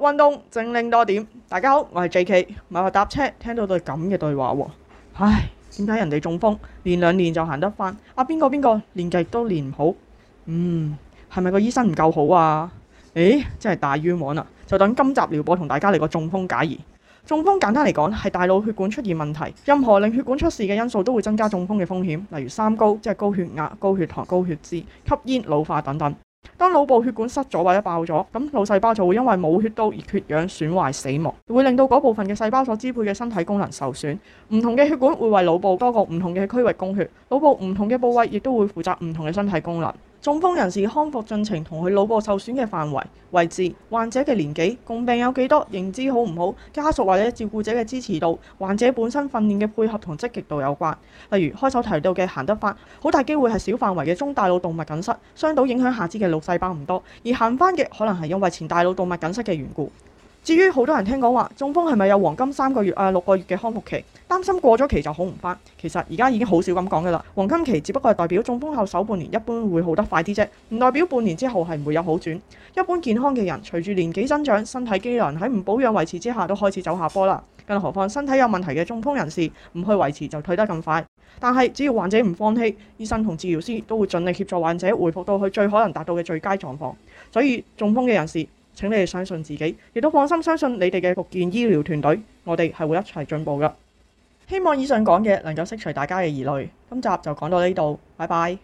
運動正令多點，大家好，我係 J K，咪話搭車聽到對咁嘅對話喎、哦，唉，點解人哋中風練兩練就行得翻？啊，邊個邊個練極都練唔好？嗯，係咪個醫生唔夠好啊？誒、欸，真係大冤枉啦！就等今集療播同大家嚟個中風解疑。中風簡單嚟講係大腦血管出現問題，任何令血管出事嘅因素都會增加中風嘅風險，例如三高，即係高血壓、高血糖、高血脂，吸煙、老化等等。當腦部血管塞咗或者爆咗，噉腦細胞就會因為冇血到而缺氧、損壞、死亡，會令到嗰部分嘅細胞所支配嘅身體功能受損。唔同嘅血管會為腦部多個唔同嘅區域供血，腦部唔同嘅部位亦都會負責唔同嘅身體功能。中風人士康復進程同佢腦部受損嘅範圍、位置、患者嘅年紀、共病有幾多、認知好唔好、家屬或者照顧者嘅支持度、患者本身訓練嘅配合同積極度有關。例如開首提到嘅「行得快」，好大機會係小範圍嘅中大腦動脈梗塞，傷到影響下肢嘅腦細胞唔多，而行翻嘅可能係因為前大腦動脈梗塞嘅緣故。至於好多人聽講話中風係咪有黃金三個月啊、呃、六個月嘅康復期，擔心過咗期就好唔翻。其實而家已經好少咁講嘅啦。黃金期只不過係代表中風後首半年一般會好得快啲啫，唔代表半年之後係唔會有好轉。一般健康嘅人隨住年紀增長，身體機能喺唔保養維持之下都開始走下坡啦。更何況身體有問題嘅中風人士唔去維持就退得咁快。但係只要患者唔放棄，醫生同治療師都會盡力協助患者回復到佢最可能達到嘅最佳狀況。所以中風嘅人士。請你哋相信自己，亦都放心相信你哋嘅復康醫療團隊，我哋係會一齊進步嘅。希望以上講嘅能夠釋除大家嘅疑慮。今集就講到呢度，拜拜。